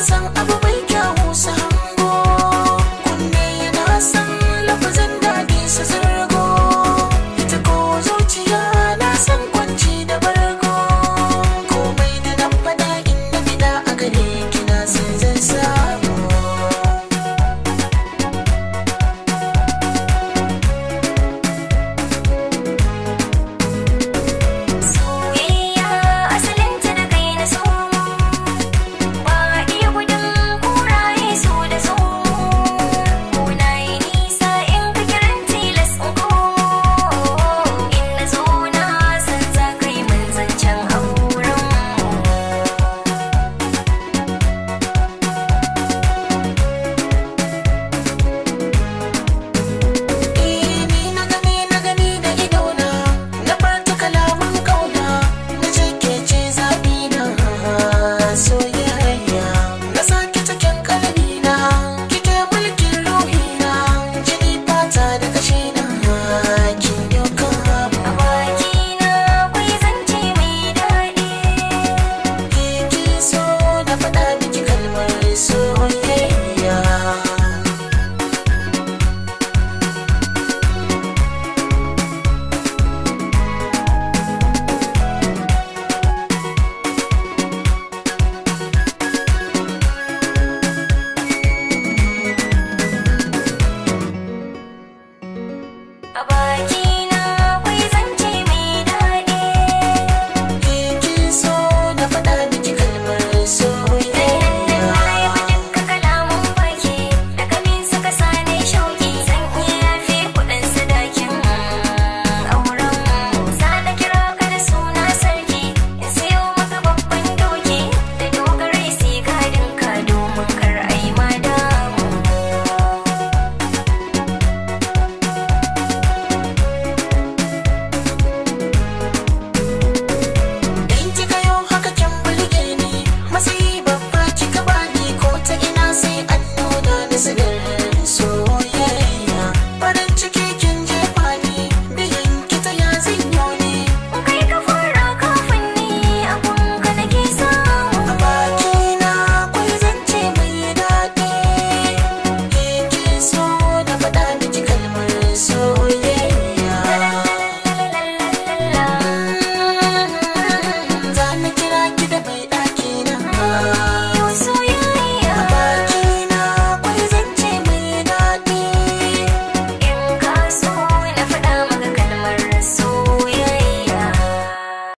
san abu